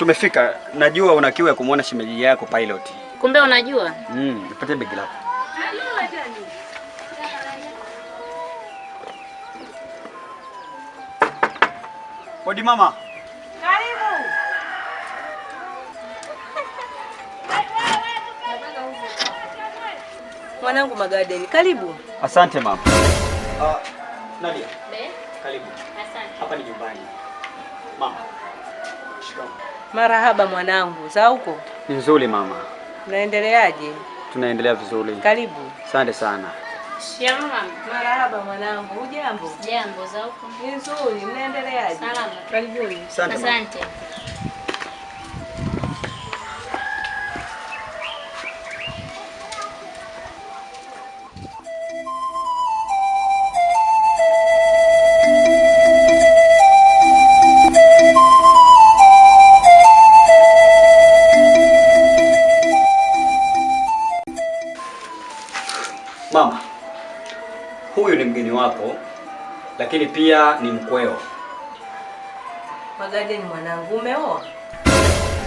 Tumefika, najua una kiu ya kumwona shemeji yako Pilot. Kumbe unajua? Mm, nipate begi lako. Hodi mama. Karibu. Mwanangu Magadeni, karibu. Asante mama. Uh, Nadia. Be? Karibu. Asante. Hapa ni nyumbani. Mama. Shikamoo. Marahaba mwanangu, za huko nzuri mama? Mnaendeleaje? Tunaendelea vizuri. Karibu. Asante sana. mama. Marahaba mwanangu, hujambo? Jambo. Za huko nzuri, mnaendeleaje? Salama. Karibuni. Asante. lakini pia ni mkweo. Magadi ni mwanangu, umeoa?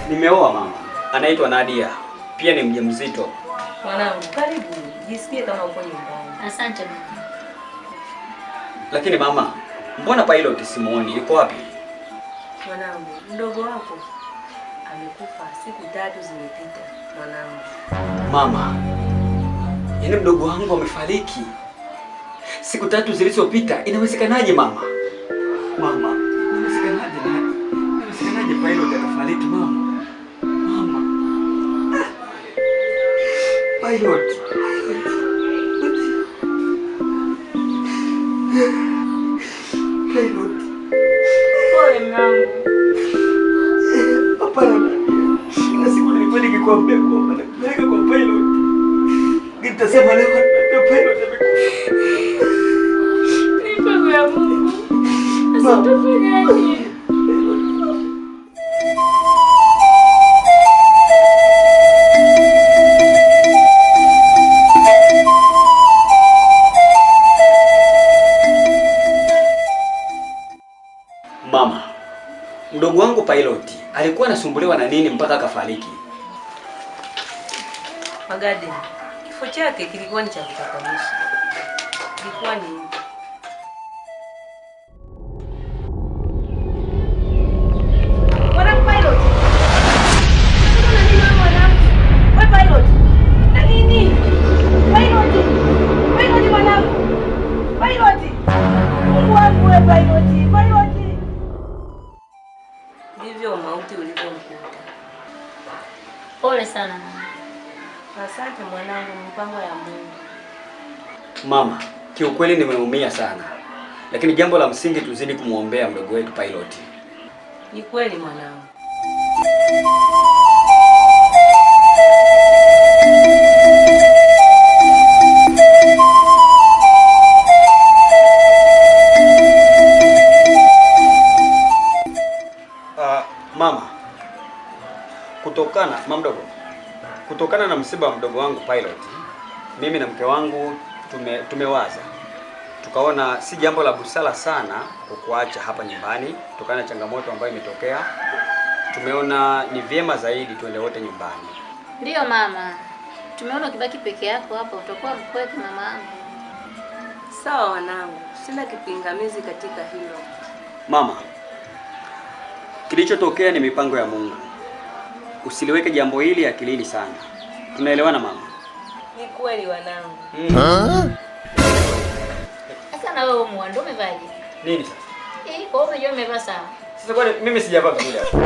Nimeoa mama, anaitwa Nadia, pia ni mjamzito. Mwanangu karibu, jisikie kama uko nyumbani. Asante mama. Lakini mama, mbona Pilot simuoni, yuko wapi? Mwanangu, mdogo wako amekufa, siku tatu zimepita mwanangu. Mama, yaani mdogo wangu amefariki siku tatu zilizopita. Inawezekanaje mama? Mama, inawezekanaje Inawezekanaje Pilot atafariki mama? Mama. Ah. Pilot. Nitasema leo alikuwa anasumbuliwa na nini mpaka akafariki? Magadi, kifo chake kilikuwa ni cha kutatanisha, kilikuwa ni Mama, kiukweli nimeumia sana, lakini jambo la msingi tuzidi kumwombea mdogo wetu Pilot. Ni kweli mwanangu. Ah, kutokana mama kutokana na msiba wa mdogo wangu Pilot, mimi na mke wangu tume, tumewaza tukaona si jambo la busara sana kukuacha hapa nyumbani kutokana na changamoto ambayo imetokea. Tumeona ni vyema zaidi tuende wote nyumbani. Ndiyo mama, tumeona ukibaki peke yako hapa utakuwa mpweke mama yangu. Sawa wanangu, sina kipingamizi katika hilo. Mama, kilichotokea ni mipango ya Mungu, usiliweke jambo hili akilini sana. Tunaelewana mama? Ni kweli wanangu. Hmm. Sasa na wewe mwa ndio umevaje? Nini sasa? Eh, kwa hiyo unajua umevaa sawa. Sasa kwani mimi sijavaa vizuri hapa.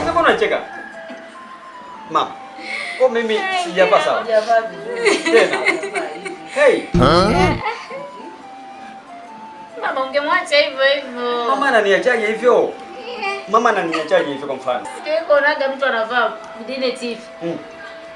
Sasa kwani unacheka? Mama. Kwa mimi sijavaa sawa. Sijavaa vizuri. Tena. Hey. Mama ungemwacha hivyo hivyo. Mama ananiachaje hivyo? Eh. Mama ananiachaje hivyo kwa mfano? Sio unaonaga mtu anavaa dine tifu. Hmm.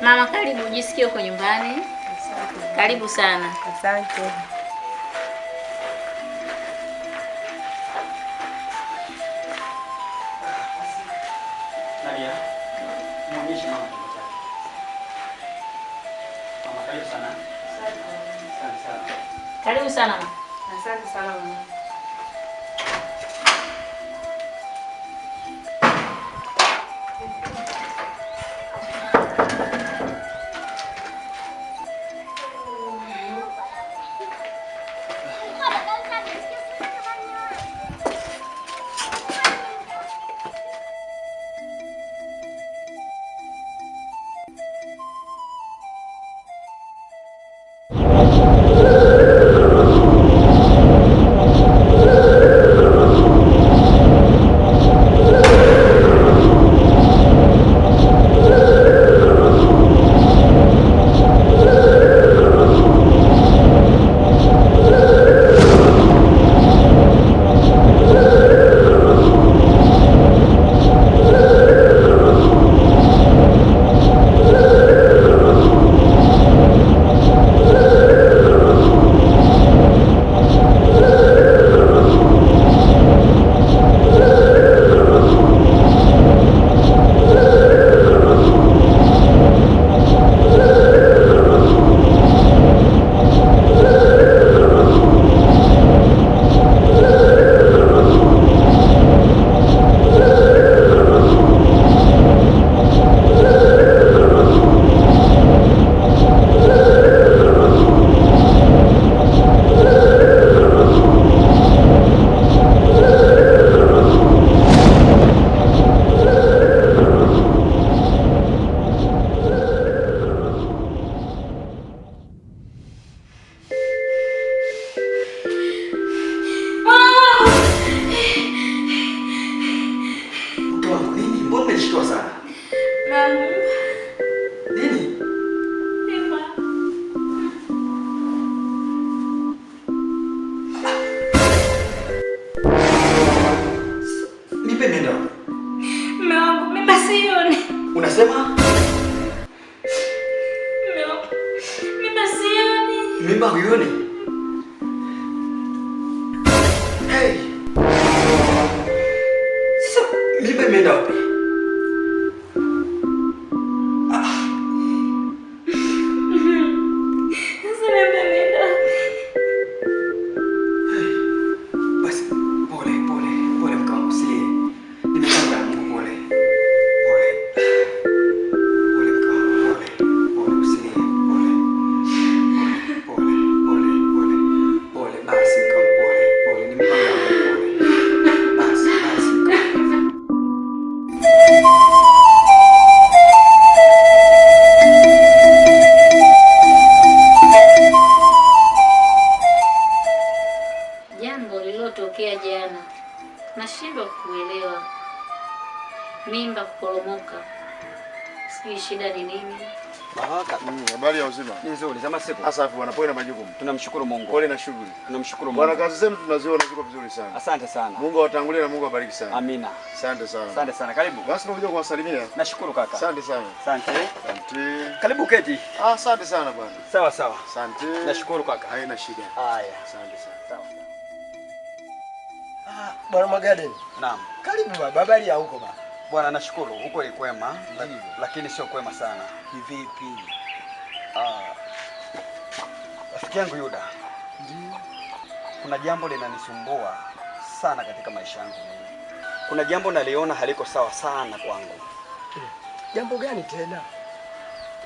Mama, karibu ujisikie uko nyumbani. Asante. Karibu sana. Asante. Karibu sana. Asante sana. Asante sana. sioni. No. Mimba pasión. Mimba huioni? nashindwa kuelewa, mimba kuporomoka, sijui shida ni nini. Mm, habari ya uzima? Ni nzuri, zama siku. Asafu bwana, pole na majukumu. Tunamshukuru Mungu. Pole na shughuli. Tunamshukuru Mungu. Bwana, kazi zenu tunaziona ziko vizuri sana. Asante sana. Mungu awatangulie na Mungu awabariki sana. Amina. Asante sana. Asante sana. Karibu. Basi tunakuja kuwasalimia. Nashukuru kaka. Asante sana. Asante. Asante. Karibu keti. Ah, asante sana bwana. Sawa sawa. Asante. Nashukuru kaka. Haina shida. Haya. Asante sana. Sawa. Bwana Mwagadeni. Naam. Karibu baba, habari ya huko baba? Bwana nashukuru, huko ni kwema lakini sio kwema sana. Kivipi? Ah. Rafiki yangu Yuda. Mm. Kuna jambo linanisumbua sana katika maisha yangu. Kuna jambo naliona haliko sawa sana kwangu. Eh, jambo gani tena?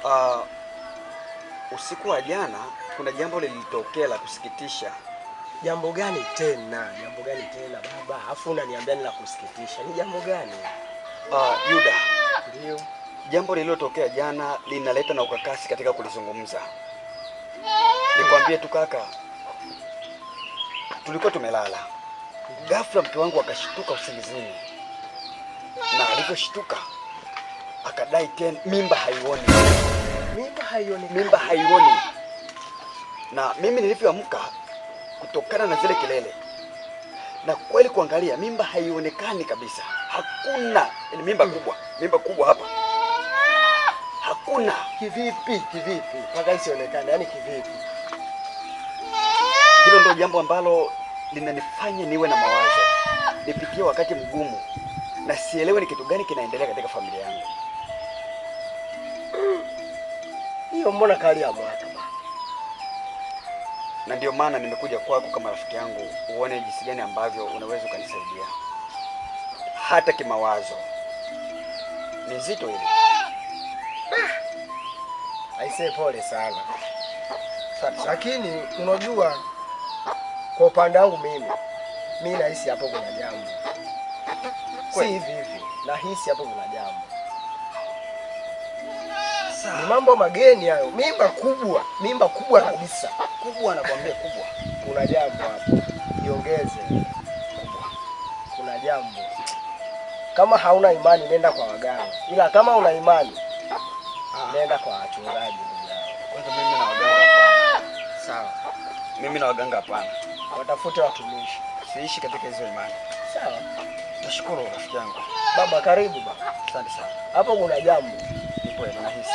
Ah, usiku wa jana kuna jambo lilitokea la kusikitisha Jambo gani tena? Jambo gani tena baba? Afu unaniambia ni la kusikitisha. Ni jambo gani? Ah, Yuda. Ndio. Jambo lililotokea jana linaleta na ukakasi katika kulizungumza. Nikwambie tu kaka. Tulikuwa tumelala. Ghafla mke wangu akashtuka usingizini. Na aliposhtuka akadai tena mimba haioni. Mimba haioni. Mimba haioni. Na mimi nilivyoamka kutokana na zile kelele, na kweli kuangalia mimba haionekani kabisa, hakuna mimba kubwa. Mimba kubwa hapa hakuna. Kivipi? Kivipi mpaka isionekane? Yani kivipi? Hilo ndio jambo ambalo linanifanya niwe na mawazo, nipitie wakati mgumu na sielewe ni kitu gani kinaendelea katika familia yangu hiyo. Mbona kali hapa na ndio maana nimekuja kwako kama rafiki yangu, uone jinsi gani ambavyo unaweza ukanisaidia hata kimawazo. Ni zito hili ah! aisee, pole sana lakini unajua, kwa upande wangu mimi mimi nahisi hapo kuna jambo, si hivi hivi, nahisi hapo kuna jambo ni mambo mageni hayo, mimba kubwa, mimba kubwa kabisa, kubwa nakwambia, kubwa. Kuna jambo hapo, Kubwa. Kuna jambo. Kama hauna imani nenda kwa waganga, ila kama una imani nenda kwa wachungaji. Mimi na waganga hapana. Sawa, mimi na waganga hapana, watafute watumishi, siishi katika hizo imani. Sawa, nashukuru rafiki yangu. Baba karibu baba. Asante sana. Hapo kuna jambo. Nipo hisi.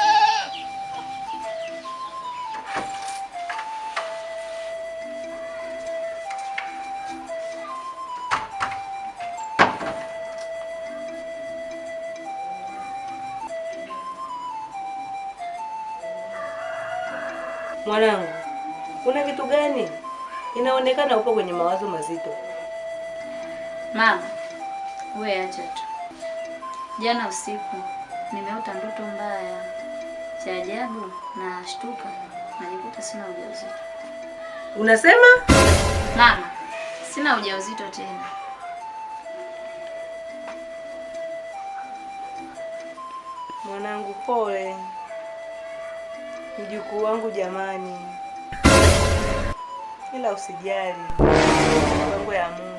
Mwanangu, kuna kitu gani? Inaonekana uko kwenye mawazo mazito. Mama, wewe acha tu. Jana usiku nimeota ndoto mbaya, cha ajabu na shtuka, najikuta sina ujauzito. Unasema? Mama, sina ujauzito tena. Mwanangu, pole mjukuu wangu jamani, ila usijali, mpango ya Mungu.